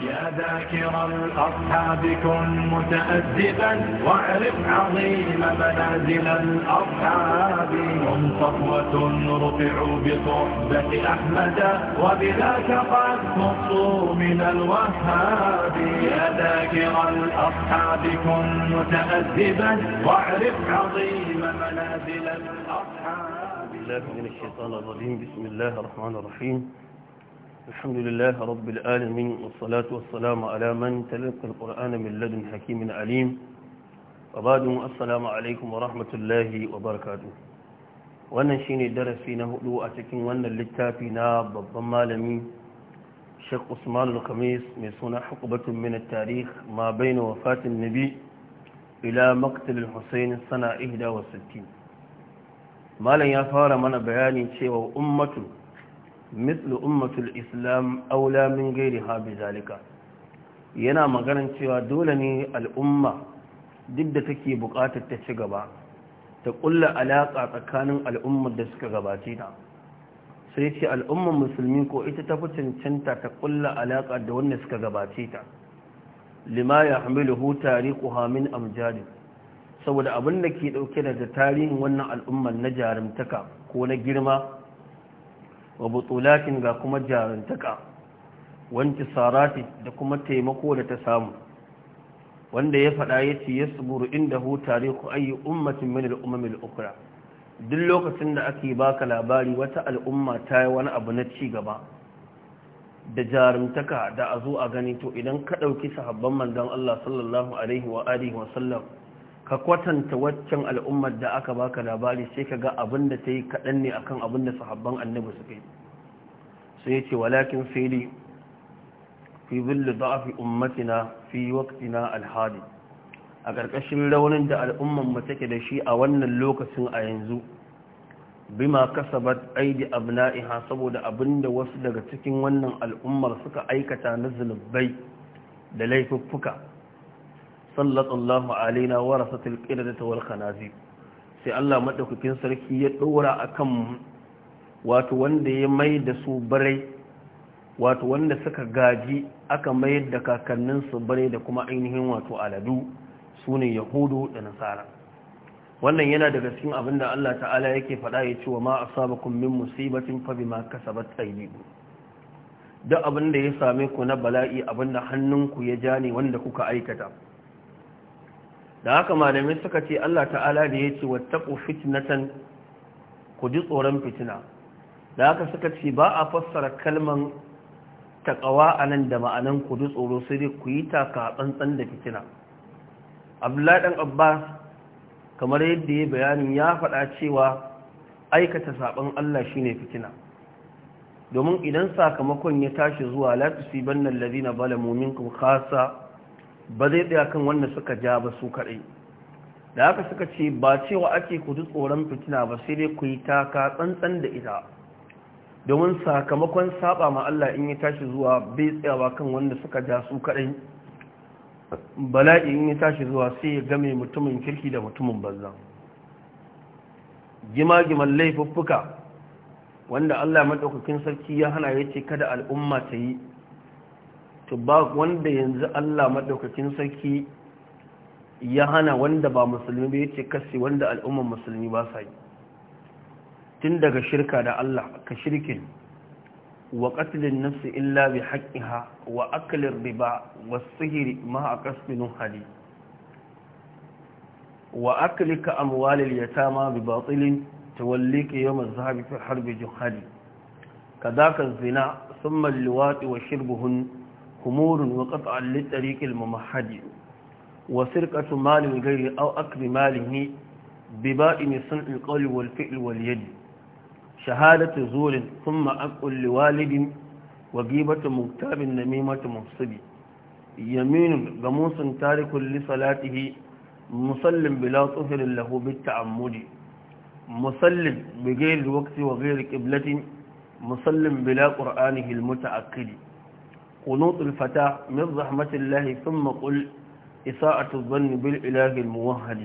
يا ذاكر الأصحاب كن متأدبا واعرف عظيم منازل الأصحاب هم صفوة رفعوا بصحبة أحمد وبذاك قد نصوا من الوهاب يا ذاكر الأصحاب كن متأدبا واعرف عظيم منازل الأصحاب من الشيطان الرجيم بسم الله الرحمن الرحيم الحمد لله رب العالمين والصلاة والسلام على من تلقى القرآن من لدن حكيم عليم وبعد السلام عليكم ورحمة الله وبركاته wannan shine darasi na hudu a cikin wannan littafi na babban malami Sheikh Usman al-Khamis mai suna Hukubatun min at-Tarikh ma baina wafatin Nabi ila maqtal al ihda wa 61 malam ya fara mana bayani cewa ummatu mislu ummatul islam aula min gairi habi yana maganin cewa dole ne al'umma duk da take buƙatar ta ci gaba ta ƙulla alaƙa tsakanin al'ummar da suka gabace ta sai ce al'ummar musulmi ko ita ta fi cancanta ta ƙulla alaƙa da wanda suka gabace ta lima ya hamilu hu tariku hamin amjadi saboda abin da ke ɗauke daga tarihin wannan al'ummar na jarumtaka ko na girma wa ga kuma jarantaka wanki sarati da kuma taimako da ta samu wanda ya faɗa ya ce ya suburu inda hutare tarihu ayi ummatin min al'ummin ukra duk lokacin da ake baka labari wata al'umma ta yi wani abu na ci gaba da jarumtaka da a zo a gani to idan ka ɗauki sahabban manzon Allah sallallahu alaihi ka kwatanta waccan al'ummar da aka baka labari sai ka ga abin da ta yi kaɗan ne akan abin da sahabban annabi suka yi sai ya ce walakin fili fi billu za ummatina fi waqtina alhadi a ƙarƙashin raunin da al'ummar mu take da shi a wannan lokacin a yanzu bima kasabat aidi abna'iha saboda abinda wasu daga cikin wannan al'ummar suka aikata na zunubai da laifuffuka sallat Allahu alaina warasatul qiradati wal khanazir sai Allah madaukakin sarki ya dora akan wato wanda ya maida su barai wato wanda suka gaji aka mayar da kakannin su da kuma ainihin wato aladu sune yahudu da nasara wannan yana daga cikin abin da Allah ta'ala yake faɗa ya ce wa ma asabakum min musibatin fa bima kasabat aydikum duk abin da ya same ku na bala'i abin da hannunku ya ja ne wanda kuka aikata da haka malamai suka ce Allah ta'ala da ya ce wattaku fitnatan ku ji tsoron fitina da haka suka ce ba a fassara kalman taƙawa a nan da ma'anan ku ji tsoro sai dai ku yi taka tsantsan da fitina abdullahi dan abbas kamar yadda ya bayanin ya faɗa cewa aikata saɓon Allah shine fitina domin idan sakamakon ya tashi zuwa la tusibanna allazina zalamu minkum khassa ba zai tsaya kan wanda suka ja ba su kaɗai da haka suka ce ba cewa ake ku ji tsoron fitina ba sai dai ku yi taka tsantsan da ita domin sakamakon saba ma Allah in ya tashi zuwa bai tsayawa kan wanda suka ja su kaɗai bala'i in ya tashi zuwa sai ya game mutumin kirki da mutumin banza gima-giman laifuffuka wanda Allah maɗaukakin sarki ya hana ya ce kada al'umma ta yi to ba wanda yanzu Allah Maɗaukacin sarki ya hana wanda ba musulmi ba yace kasi wanda al'umman musulmi ba sa yi tun daga shirka da Allah ka shirkin wa qatlin nafsi illa bi haqqiha wa aklir riba was-sihr ma aqsmin hadi wa aklika amwalil yatama bi batilin tawallika yawm az-zahabi fi harbi juhadi kadaka az-zina thumma al wa wa shirbuhun humurun wa qat'an li tariqil mumahhadi wa sirqatu malin ghairi aw akli malihi bi ba'in sun'il qawli wal fi'l wal yad shahadatu zurin thumma aqul li walidin wa ghibatu muktabin namimatu mufsidi yaminun gamusun tarikun li salatihi musallin bila tsohirin lahu bit ta'ammudi musallin bi ghairi waqti wa ghairi qiblatin musallin bila qur'anihi al muta'akkidi قنوط الفتاة من رحمة الله ثم قل إساءة الظن بالإله الموهد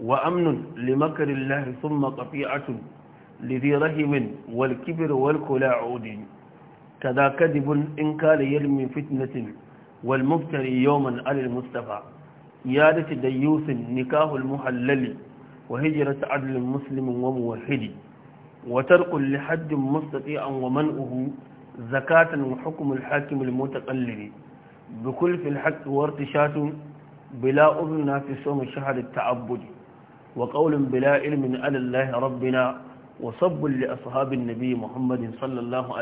وأمن لمكر الله ثم قطيعة لذي رهم والكبر والكلاع عود كذا كذب إن كان يرمي فتنة والمبتري يوما على المصطفى إيادة ديوث نكاه المحلل وهجرة عدل مسلم وموحد وترق لحد مستطيع ومنؤه zakatan wa hukumul hakim al-mutaqallidi bi kulfi al-haqq wa irtishatu bila udna fi sawm shahr at-ta'abbud wa qawlun bila ilmin ala rabbina wa li ashabin nabi Muhammadin sallallahu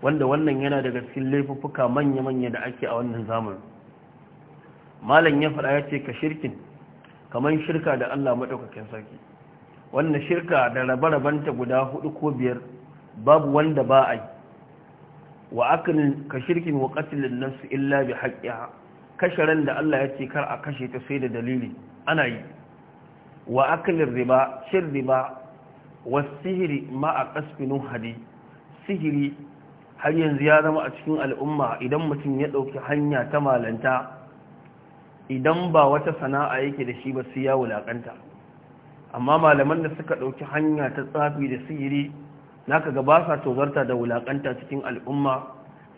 wanda wannan yana daga cikin laifuffuka manya-manya da ake a wannan zamanin malam ya faɗa ya ce ka shirkin kamar shirka da Allah maɗaukakin sarki wannan shirka da rabe-rabenta guda hudu ko biyar babu wanda ba yi wa aklin ka shirkin wa qatlin nafs illa bi haqqiha randa da Allah ya ce kar a kashe ta sai da dalili ana yi wa aklin riba shir riba was sihiri ma a qasfinu hadi sihiri har yanzu ya zama a cikin al'umma idan mutum ya ɗauki hanya ta malanta idan ba wata sana'a yake da shi ba sai ya wulaƙanta amma malaman da suka ɗauki hanya ta tsafi da sihiri na kaga ba sa tozarta da wulakanta cikin al'umma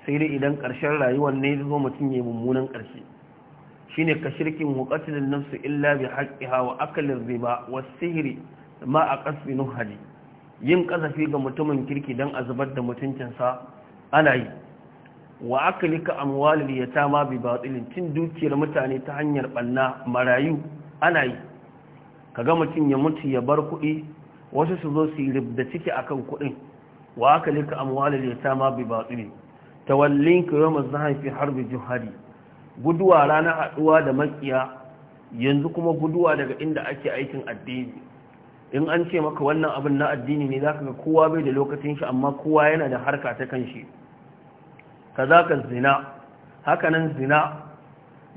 sai dai idan ƙarshen rayuwar ne zuwa mutum ya mummunan ƙarshe shine ka shirkin hukatilin nafsu illa bi haqqiha wa akalin riba wa sihiri ma a kasbi nuhadi yin ƙasafi ga mutumin kirki don a zubar da mutuncinsa ana yi wa akalika amwalil ma bi batsilin cin dukiyar mutane ta hanyar banna marayu ana yi Ka ga mutum ya mutu ya bar kuɗi wasu su zo su yi da ciki kan kuɗin wa aka lika amwalar ma bi ta wallin ka yawma zahan fi harbi juhari guduwa rana haɗuwa da makiya yanzu kuma guduwa daga inda ake aikin addini in an ce maka wannan abin na addini ne zaka ga kowa bai da lokacin shi amma kowa yana da harka ta kan shi. Ka za ka zina hakanan zina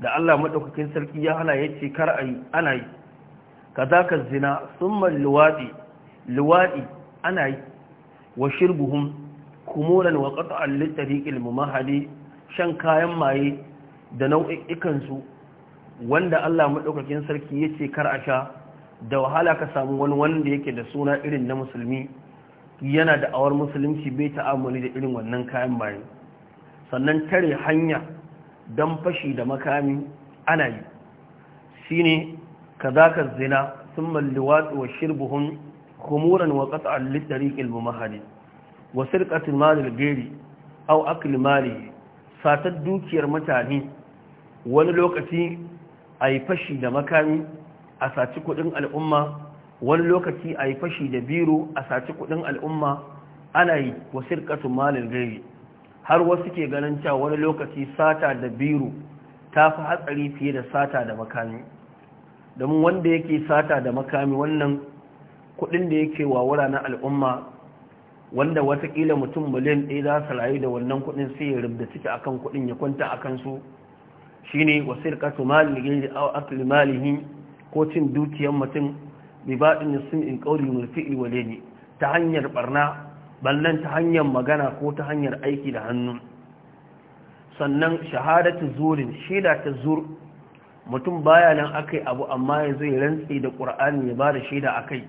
da Allah madaukakin sarki ya hana yace kar ayi ana yi ka zina summa luwadi luwaɗi ana yi wa shirbuhum kumulan wa qat'an litariqil mumahadi shan kayan maye da nau'ikan su wanda Allah Maɗaukakin sarki ya ce kar a sha da wahala ka samu wani wanda yake da suna irin na musulmi yana da awar musulunci bai ta'amuli da irin wannan kayan maye sannan tare hanya don fashi da makami ana yi shine kazakar zina sun malluwatsu wa shirbuhun khumuran wa qat'an li tariqil mumahadi wa sirqatil malil ghairi aw akli mali satar dukiyar mutane wani lokaci ayi fashi da makami a saci kudin al'umma wani lokaci ayi fashi da biro a saci kudin al'umma ana yi wa sirqatil malil ghairi har wasu ke ganin cewa wani lokaci sata da biro ta fi hatsari fiye da sata da makami domin wanda yake sata da makami wannan kudin da yake wawura na al'umma wanda watakila mutum miliyan ɗaya za su rayu da wannan kudin sai ya rubda ciki akan kudin ya kwanta a akan su shine wasir kasu malihi aw akli malihi ko cin dukiyar mutum bi badin sun in qawli wal fi'li wal ta hanyar barna ballan ta hanyar magana ko ta hanyar aiki da hannu sannan shahadatu zurin shaida ta zur mutum baya nan akai abu amma ya zai rantsi da qur'ani ya ba da shaida akai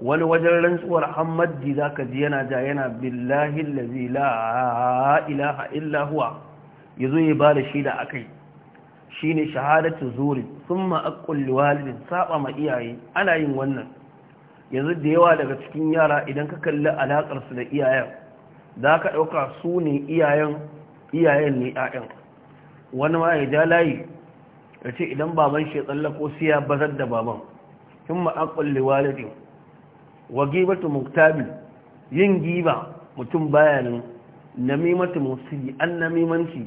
wani wajen rantsuwar hammaddi za ka ji yana ja yana billahi lazi la ilaha huwa ya zo ya ba da shi da aka yi shi ne shahadatu zuri sun ma'akulli walidin saba ma iyaye ana yin wannan yanzu da yawa daga cikin yara idan ka kalli alaƙarsu da iyayen za ka ɗauka su ne iyayen ne 'ya'yan wani ma ya ja layi ya ce idan baban shi ya tsallako siya bazar da baban sun ma'akulli walidin wa gibatu muktabi yin giba mutum bayanin namimatu musili an namimanci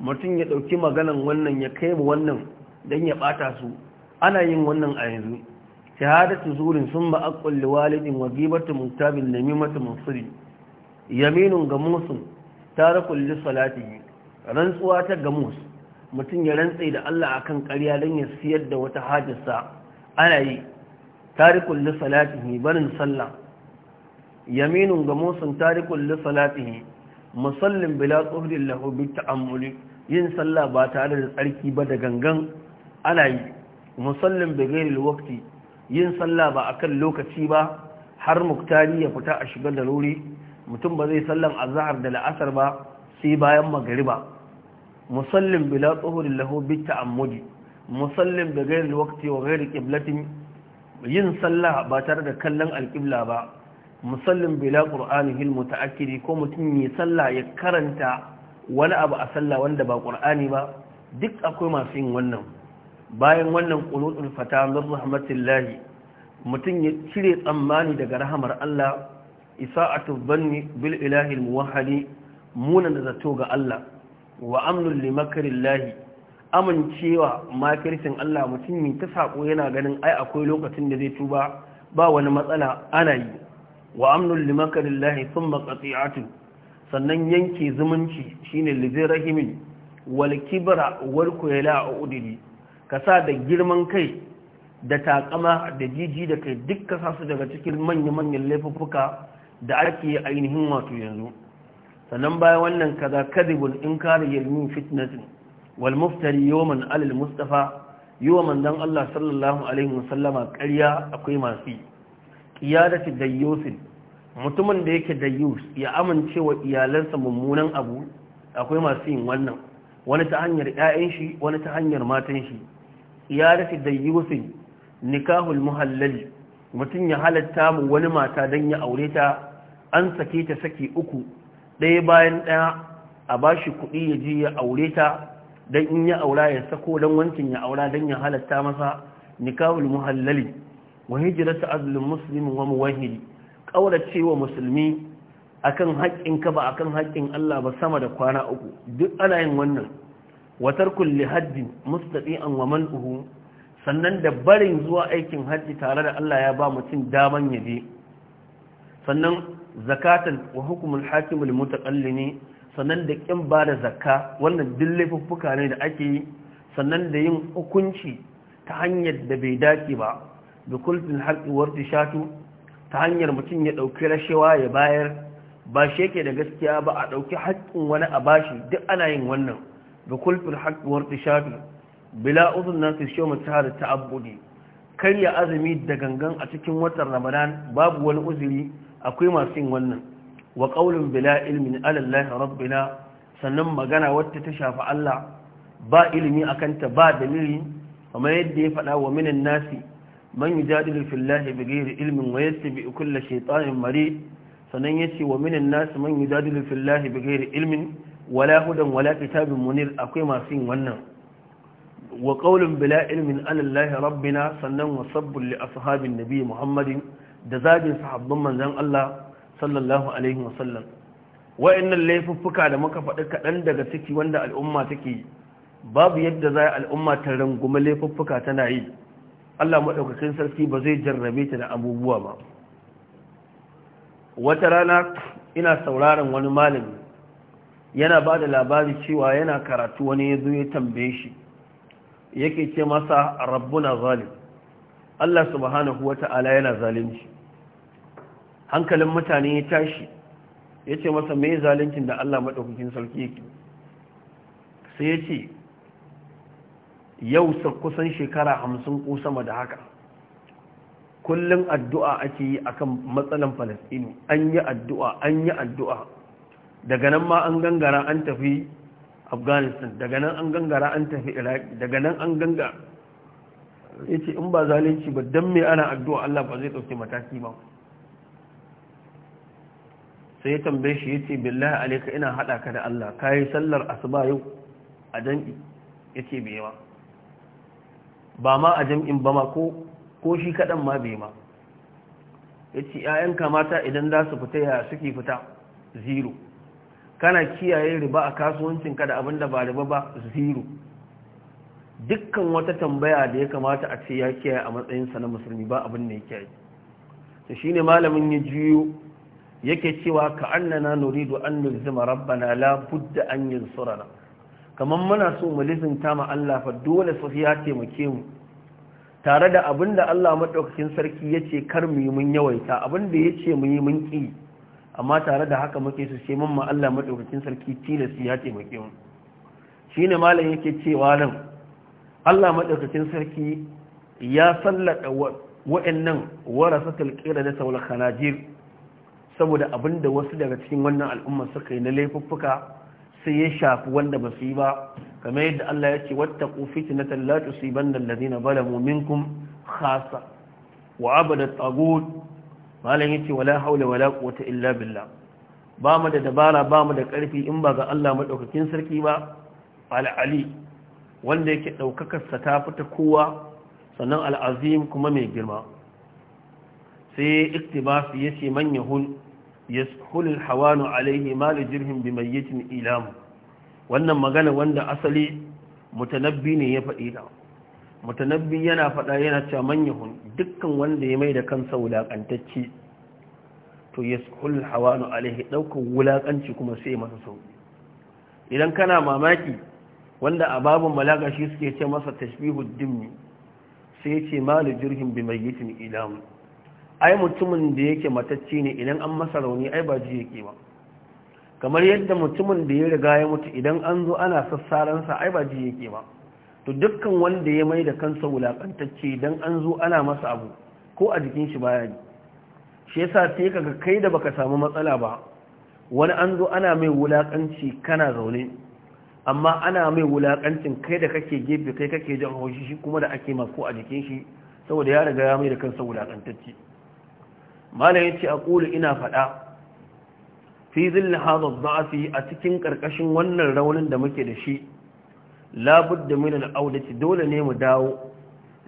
mutum ya ɗauki maganan wannan ya kai mu wannan dan ya ɓata su ana yin wannan a yanzu shahadatu zurin sun ba aqul walidin wa gibatu muktabi namimatu musili yaminun ga musun tarakul li salatihi rantsuwa ta ga mutum ya rantsa da Allah akan ƙarya dan ya siyar da wata hajjarsa ana yi tarikul li salatihi barin sallah yaminun ga musun tarikul li salatihi musallin bila tsohrin lahu bi amuli yin sallah ba tare da tsarki ba da gangan ana yi musallin bi ghairi yin sallah ba a kan lokaci ba har muktari ya fita a shigar da ruri mutum ba zai sallan zahar da la'asar ba sai bayan magariba. musallin bila tsohrin lahu bi amuli musallin bi wakti waqti wa gairi kiblatin yin sallah ba tare da kallon alƙibla ba musallin bila ƙur'ani hil akiri ko mutum yi sallah ya karanta wani abu a sallah wanda ba ƙur'ani ba duk akwai masu yin wannan bayan wannan ƙulutun fata min rahmatillahi mutum ya cire tsammani daga rahamar Allah isa isa'atu banni bil ilahi al munan da zato ga Allah wa amnul limakrillahi amincewa makircin Allah mutum mai ta saƙo yana ganin ai akwai lokacin da zai tuba ba wani matsala ana yi wa amnul limakarillahi thumma qati'atu sannan yanke zumunci shine lizin rahimin wal kibra wal kuyala ka kasa da girman kai da takama da jiji da kai duk kasa su daga cikin manya-manyan laifuffuka da ake ainihin wato yanzu sannan bayan wannan kaza kadibul in kare yalmin fitnatin Walmuftari muftari yawman alal mustafa yiwa mandan Allah sallallahu alaihi wasallama ƙarya akwai masu qiyadati dayyusin mutumin da yake da dayyus ya amince wa iyalansa mummunan abu akwai masu yin wannan wani ta hanyar ƴaƴan shi wani ta hanyar matan shi qiyadati dayyusin nikahul muhallali mutum ya halatta mu wani mata dan ya aure ta an sake ta saki uku ɗaya bayan ɗaya a bashi kuɗi ya je ya aure ta dan in ya aura ya sako dan wankin ya aura dan ya halatta masa nikahul muhallali wa hijratu azlul muslim wa muwahhid kaurace wa musulmi akan haƙƙin ka ba akan haƙƙin Allah ba sama da kwana uku duk ana yin wannan wa tarkul li haddin mustati'an wa man'uhu sannan da barin zuwa aikin haji tare da Allah ya ba mutum daman yaje sannan zakatan wa hukumul hakimul ne. sannan da ƙin ba da zakka wannan duk laifuffuka ne da ake yi sannan da yin hukunci ta hanyar da bai dace ba da kulfin haƙi shatu ta hanyar mutum ya ɗauki rashewa ya bayar ba shi yake da gaskiya ba a ɗauki haƙƙin wani a bashi duk ana yin wannan da kulfin haƙi shatu bila uzun na su shi mutu har ta abudi karya azumi da gangan a cikin watan ramadan babu wani uzuri akwai masu yin wannan wa ƙaunin bila ilmin alallahi rabbina sannan magana wata ta shafi Allah ba ilimi a kanta ba dalili kamar yadda ya faɗa wa minan nasi man yi jadilu fillahi bi gairi ilmin wa yasta bi kulla shaitanin mari sannan ya ce wa minin nasi man yi fillahi bi ilmin wala hudan wala kitabin munir akwai masu yin wannan wa ƙaunin bila ilmin alallahi rabbina sannan wa sabbin li ashabin nabi muhammadin da zagin sahabban manzon Allah sallallahu alaihi wasallam wa'annan laifuffuka da muka faɗi kaɗan daga ciki wanda al'umma take babu yadda za a al'umma ta ranguma laifuffuka tana yi Allah maɗaukacin sarki ba zai jarrabe ta da abubuwa ba wata rana ina sauraron wani malami yana ba da labari cewa yana karatu wani ya zo ya tambaye shi yake ce masa rabbuna zalim Allah subhanahu wata'ala yana zalunci hankalin mutane ya tashi ya ce masa mai zalincin da Allah maɗaukakin sarki yake sai ya ce yau kusan shekara hamsin ko sama da haka kullum addu'a ake yi a kan matsalan falasini an yi addu'a an yi addu'a daga nan ma an gangara an tafi afghanistan daga nan an gangara an tafi Iraq daga nan an ganga ya ce in ba zalunci ba don mai ana addu'a Allah ba zai ɗauke mataki ba sai ya tambaye shi yace billahi alayka ina hada ka da Allah kai sallar asuba yau a danki yace bai ma ba ma a jam'in ba ma ko ko shi kadan ma bai ma yace ƴaƴanka mata idan za su fita ya suke fita zero kana kiyaye riba a kasuwancin ka da abinda ba riba ba zero dukkan wata tambaya da ya kamata a ce ya kiyaye a sa na musulmi ba abin da ya kiyaye to shine malamin ya jiyo yake cewa ka annana nuridu an nulzima rabbana la budda an yansurana kaman muna so mu lizinta ma Allah fa dole su ya taimake mu tare da abinda Allah madaukakin sarki yace kar mu yi mun yawaita abinda yace mu yi mun ki amma tare da haka muke su ce mun ma Allah madaukakin sarki tilasi ya taimake mu shine malam yake cewa nan Allah madaukakin sarki ya sallada wa'annan warasatul qirada wal khanajir saboda abin da wasu daga cikin wannan al'umma suka yi na laifuffuka sai ya shafi wanda ba su yi ba kamar yadda Allah ya ce wattaqu fitnatan la tusibanna alladhina zalamu minkum khassa wa abada tagut malam yace wala haula wala quwwata illa billah ba mu da dabara ba mu da karfi in ba ga Allah maɗaukakin sarki ba Al'ali, wanda yake daukakar sa ta fita kowa sannan al'azim kuma mai girma sai iktibas ya ce man yahul yaskulul hawanu alaihi malu jirhin bimayyacin mayyitin ilamu wannan magana wanda asali mutanabbi ne ya faɗi ta mutanabbi yana faɗa yana cewa manyahun dukkan wanda ya mai da kansa wulakantacce to yaskulul hawanu alaihi ɗaukar wulaƙanci kuma sai masa sauƙi idan kana mamaki wanda a babin malaga shi suke ce masa tashbihu dimmi sai ce malu jirhin bimayyacin mayyitin ilamu ai mutumin da yake matacci ne idan an masa rauni ai ba ji yake ba kamar yadda mutumin da ya riga ya mutu idan an zo ana sassaransa ai ba ji yake ba to dukkan wanda ya mai da kansa wulakantacce idan an zo ana masa abu ko a jikin shi baya ji shi yasa sai kaga kai da baka samu matsala ba wani an zo ana mai wulakanci kana zaune amma ana mai wulakancin kai da kake gefe kai kake jan haushi shi kuma da ake ko a jikin shi saboda ya riga ya mai da kansa wulakantacce malam yace ƙuli ina faɗa. fi zilli hadha dha'fi a cikin ƙarƙashin wannan raunin da muke da shi labudda min al-audati dole ne mu dawo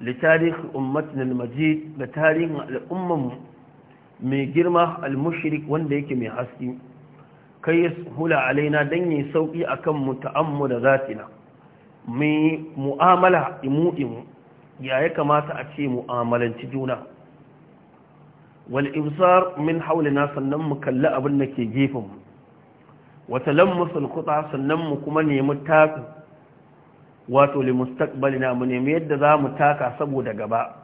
li tarikh ummatin al da tarihin al'umman mai girma al-mushrik wanda yake mai haske kai hula alaina dan yi sauki akan mu ta'ammu da zatina mu mu'amala imu imu ya ya kamata a ce mu'amalanci juna wal ibsar min haulina sannan mu kalli abin da ke gefen mu wata lammusul kuta sannan mu kuma nemi taka wato li mustaqbalina mu nemi yadda za mu taka saboda gaba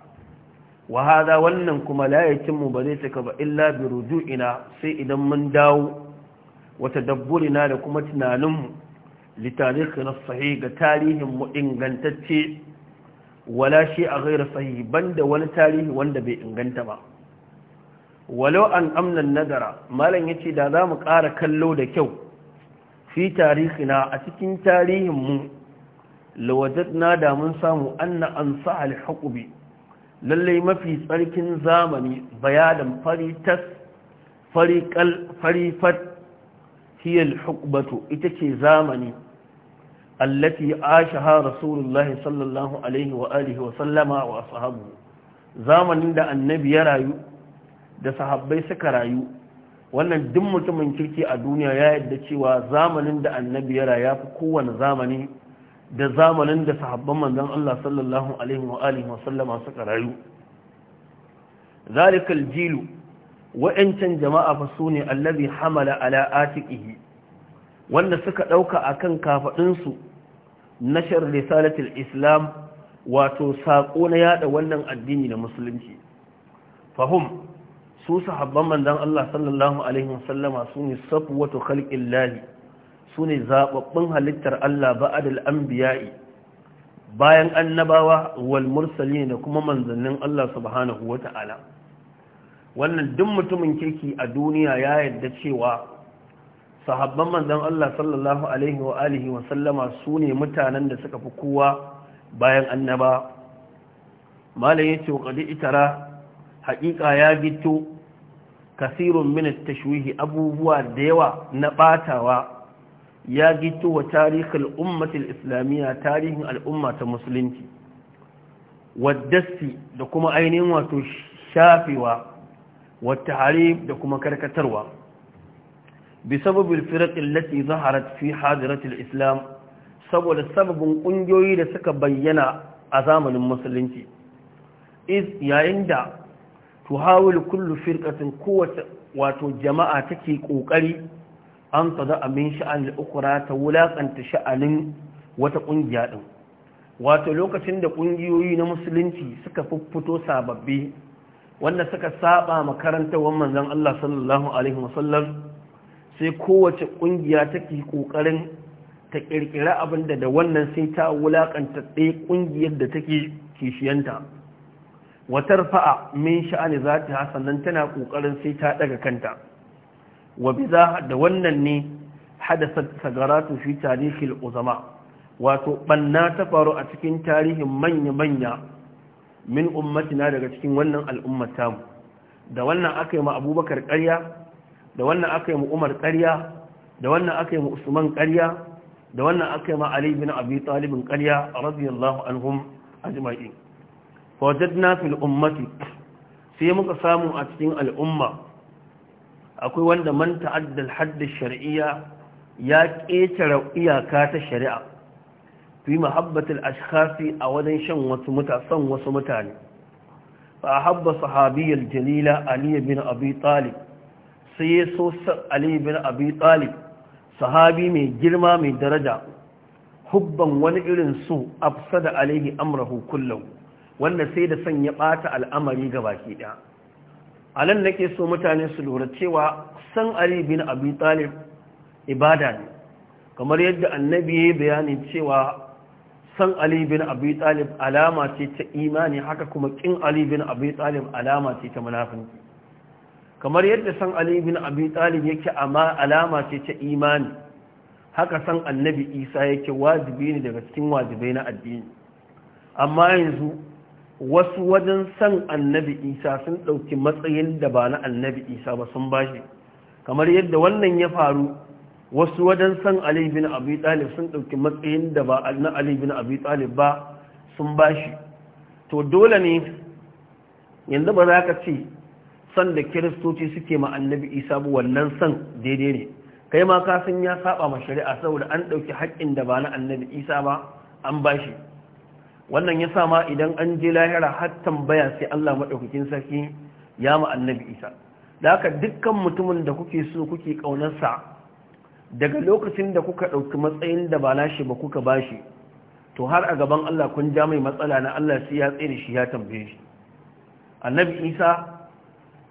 wa wannan kuma la yatimmu ba zai cika ba illa bi ruju'ina sai idan mun dawo wata dabburina da kuma tunanin mu li tarikhina ga tarihin mu ingantacce wala shi a ghairu sahih banda wani tarihi wanda bai inganta ba walau an amnan nadara malam ya ce da za mu ƙara kallo da kyau fi tarihina a cikin tarihinmu na da mun samu anna an sahal haƙubi lallai mafi tsarkin zamani bayanan faritas fariƙal farifat hiyar hukbatu ita ce zamani allati ashaha rasulullahi sallallahu alaihi wa alihi wa sallama wa sahabu zamanin da annabi ya rayu da sahabbai suka rayu wannan duk mutumin kirki a duniya ya yadda cewa zamanin da annabi ya raya fi kowane zamani da zamanin da sahabban manzon Allah sallallahu alaihi wa alihi wasallama suka rayu zalikal jilu wa'ancan jama'a fa sune allazi hamala ala atiqihi wanda suka dauka akan kan su nashar risalatul islam wato sako na yada wannan addini na musulunci fahum su sahabban manzon Allah sallallahu alaihi wasallama sune safwatu khalqillah sune zababbin halittar Allah ba'dal anbiya'i bayan annabawa wal mursalin da kuma manzannin Allah subhanahu wata'ala wannan duk mutumin kirki a duniya ya yarda cewa sahabban manzon Allah sallallahu alaihi wa alihi sune mutanen da suka fi kowa bayan annaba malai yace wa qadi itara haƙiƙa ya gito kasirun min tashwihi abubuwa da yawa na batawa ya gito wa tarihul ummatul islamiyya tarihin al'umma ta musulunci waddasi da kuma ainihin wato shafewa wata harif da kuma karkatarwa بسبب الفرق التي ظهرت في حاضرة islam saboda sababin ƙungiyoyi da suka bayyana a zamanin musulunci yayin da tuhawil kullu firqatin kowace wato jama'a take ƙoƙari an tsada amin sha'an al ta wulaƙanta sha'anin wata ƙungiya ɗin. wato lokacin da ƙungiyoyi na musulunci suka fito sababbi wanda suka saba makarantar manzon Allah sallallahu alaihi wasallam sai kowace ƙungiya take ƙoƙarin ta kirkira abinda da wannan sai ta wulakanta ɗaya kungiyar da take kishiyanta watar fa'a min sha'ani za ta sannan tana ƙoƙarin sai ta ɗaga kanta wa da wannan ne hadasa sagaratu fi tarihil uzama wato ɓanna ta faru a cikin tarihin manya-manya min ummatina daga cikin wannan al'ummata mu da wannan aka yi ma abubakar ƙarya da wannan aka yi ma umar ƙarya da wannan aka yi ma usman ƙarya da wannan aka yi ma ali bin abi talibin ƙarya radiyallahu anhum ajma'in wajadna fil ummati sai muka samu a cikin al'umma akwai wanda man ta'adda al-hadd shariyya ya ketare iyaka ta shari'a fi mahabbati al-ashkhasi a wajen shan wasu mutasan wasu mutane fa habba sahabi al-jalila ali bin abi talib sai so ali bin abi talib sahabi mai girma mai daraja hubban wani irin su afsada alaihi amrahu kullahu wanda sai da son ya bata al'amari ga baki ɗaya alan nake so mutane su lura cewa san ali bin abi talib ibada ne kamar yadda annabi ya bayani cewa san ali bin abi talib alama ce ta imani haka kuma kin ali bin abi talib alama ce ta munafinci kamar yadda san ali bin abi talib yake amma alama ce ta imani haka san annabi isa yake wajibi ne daga cikin wajibai na addini amma yanzu wasu wajen san annabi isa sun ɗauki matsayin da ba na annabi isa ba sun bashi kamar yadda wannan ya faru wasu wajen san alibin bin abi talib sun ɗauki matsayin da ba na alibin bin abi talib ba sun bashi to dole ne yanzu ba za ka ce san da kiristoci suke ma annabi isa ba wannan san daidai ne kai ma ka san ya saba ma shari'a saboda an ɗauki haƙƙin da ba na annabi isa ba an bashi wannan ya sa ma idan an je lahira har tambaya sai Allah maɗaukakin sarki ya ma annabi isa da haka dukkan mutumin da kuke so kuke ƙaunarsa daga lokacin da kuka ɗauki matsayin da ba nashi ba kuka bashi to har a gaban Allah kun ja mai matsala na Allah sai ya tsere shi ya tambaye shi annabi isa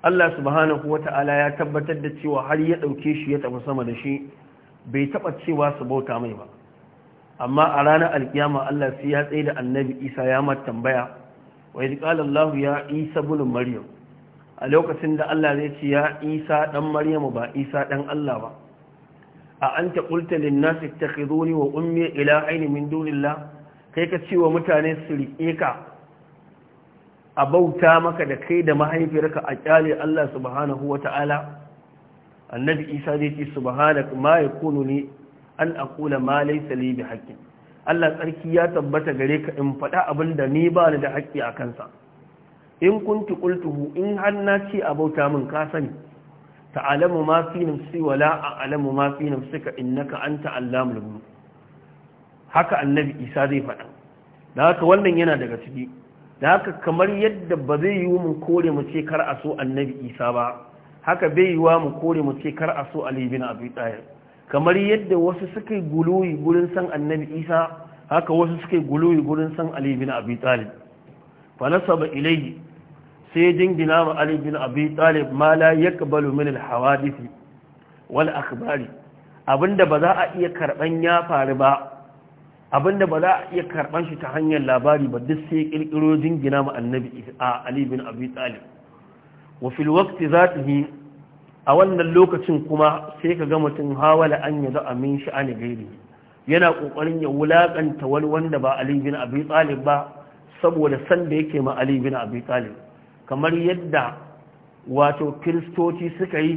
Allah subhanahu wata'ala ya tabbatar da cewa har ya ɗauke shi ya tafi sama da shi bai taɓa cewa su bauta mai ba amma a ranar alkiyama Allah sai ya tsaye da annabi isa ya matambaya. tambaya wa yi Allah ya isa bulun maryam a lokacin da Allah zai ce ya isa ɗan maryamu ba isa ɗan Allah ba a an ta ƙulta linnasi ta wa ummi ila aini min kai ka ce wa mutane su riƙe ka a bauta maka da kai da mahaifiyarka a ƙyale Allah subhanahu wa ta'ala annabi isa zai ce subhanaka ma yakunu ni an akula ma laysa li bi haqqin Allah tsarki ya tabbata gare ka in faɗa abin da ni ba ni da haƙƙi a kansa in kunti qultuhu in har na ce abauta min ka sani ta'alamu ma fi nafsi wa la a'lamu ma fi nafsika innaka anta allamul ghuyub haka annabi Isa zai faɗa da haka wannan yana daga ciki da haka kamar yadda ba zai yi mu kore mu ce kar a so annabi Isa ba haka bai yi wa mu kore mu ce kar a so Ali bin Abi Talib kamar yadda wasu suka yi guluwi gurin san annabi isa haka wasu suka yi guluwi gurin san ali bin abi talib nasaba ilayhi sai ya ma ali bin abi talib ma la yaqbalu min al hawadith wal akhbar abinda ba za a iya karban ya faru ba abinda ba za a iya karban shi ta hanyar labari ba duk sai kirkiro jingina ma annabi ali bin abi talib wa fil waqti zatihi a wannan lokacin kuma sai ka ga mutum hawala an yi amin min sha'ani gairi yana ƙoƙarin ya wulaƙanta wani wanda ba Ali bin Abi Talib ba saboda san da yake ma Ali bin Abi Talib kamar yadda wato kiristoci suka yi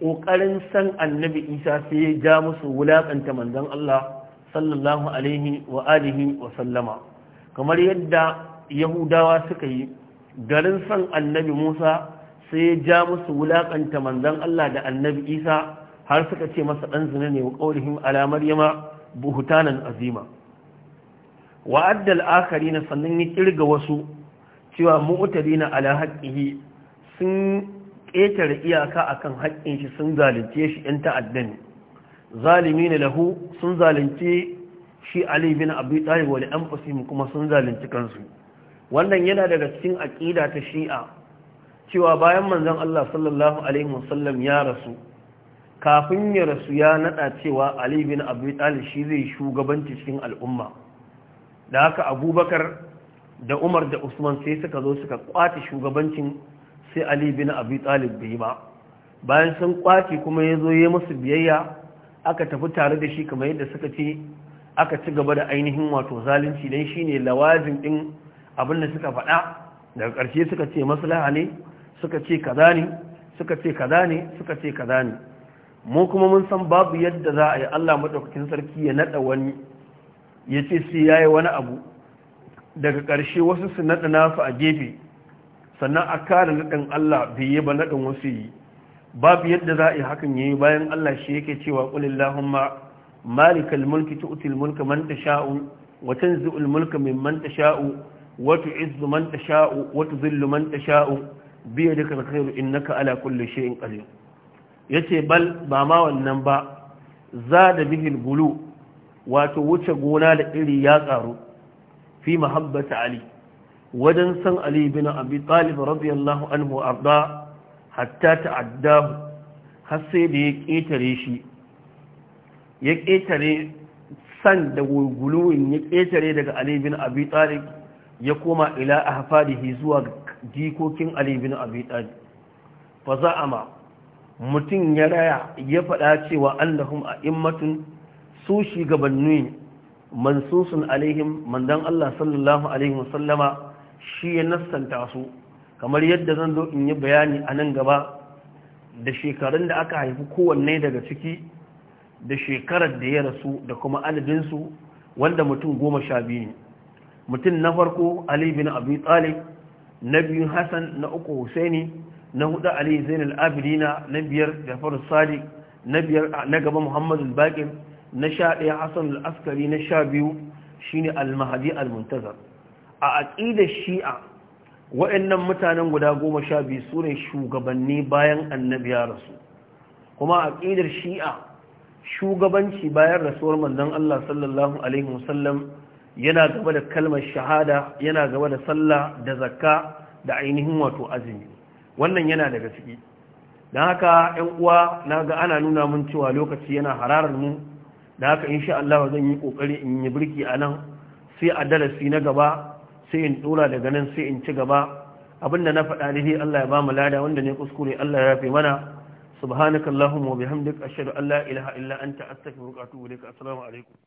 ƙoƙarin san annabi Isa sai ya ja musu wulaƙanta manzon Allah sallallahu alaihi wa alihi wa sallama kamar yadda yahudawa suka yi garin san annabi Musa sai ja musu wulakanta manzan Allah da annabi Isa har suka ce masa ɗan zina ne wa ƙaurihim alamar maryama buhutanan azima wa addal akari na sannan ya kirga wasu cewa mu'tari na ala haƙƙihi sun ƙetare iyaka akan haƙƙin shi sun zalunce shi ɗan ta'adda ne zalimi na lahu sun zalunce shi Ali bin Abi Talib wa li kuma sun zalunci kansu wannan yana daga cikin aƙida ta Shi'a cewa bayan manzon Allah sallallahu alaihi wasallam ya rasu kafin ya rasu ya nada cewa Ali bin Abi Talib shi zai shugabanci cikin al'umma da haka Abubakar da Umar da Usman sai suka zo suka kwace shugabancin sai Ali bin Abi Talib bai ba bayan sun kwace kuma ya zo ya musu biyayya aka tafi tare da shi kamar yadda suka ce aka ci gaba da ainihin wato zalunci dan shine lawazin ɗin abin da suka faɗa daga ƙarshe suka ce maslaha ne suka ce kaza ne suka ce kaza ne suka ce kaza ne mu kuma mun san babu yadda za a yi Allah madaukakin sarki ya nada wani ya ce sai yayi wani abu daga ƙarshe wasu su nada nasu a gefe sannan a kare nadin Allah bai yi ba nadin wasu yi babu yadda za a yi hakan yayi bayan Allah shi yake cewa qulillahumma malikal mulki tu'til mulka man tasha'u wa tanzi'ul mulka mimman tasha'u wa tu'izzu man tasha'u wa tudhillu man tasha'u biya duka alkhairu innaka ala kulli shay'in qadir yace bal ba ma wannan ba da bihi gulu wato wuce gona da iri ya karu fi mahabbata ali wajen san ali bin abi talib radiyallahu anhu arda hatta ta'addahu har sai da ya ketare shi ya san da guluwin ya ketare daga ali bin abi talib ya koma ila ahfadihi zuwa jikokin Ali bin Abi Talib fa za'ama mutum ya raya ya faɗa cewa annahum immatun su shugabanni mansusun alaihim mandan Allah sallallahu alaihi wasallama shi ya nassanta su kamar yadda zan zo in yi bayani a nan gaba da shekarun da aka haifi kowanne daga ciki da shekarar da ya rasu da kuma su wanda mutum goma sha biyu ne mutum na farko ali bin abi talib na biyu hassan na uku husaini na hudu ali zainul abidina na biyar jafaru sadiq na biyar na gaba muhammadu baƙir na sha ɗaya hassan al'askari na sha biyu shine al-mahadi al-muntazar a aƙidar shi'a waɗannan mutanen guda goma sha biyu su ne shugabanni bayan annabi ya rasu kuma a aƙidar shi'a shugabanci bayan rasuwar manzon Allah sallallahu alaihi wasallam yana gaba da kalmar shahada yana gaba da sallah da zakka da ainihin wato azumi wannan yana daga ciki don haka yan uwa na ga ana nuna mun cewa lokaci yana hararar mu da haka insha Allah zan yi kokari in yi birki a nan sai a darasi na gaba sai in dora daga nan sai in ci gaba Abin da na faɗa dai Allah ya ba mu lada wanda ne kuskure Allah ya rafe mana subhanakallahumma wa bihamdika ashhadu an la ilaha illa anta astaghfiruka wa atubu ilaik assalamu alaikum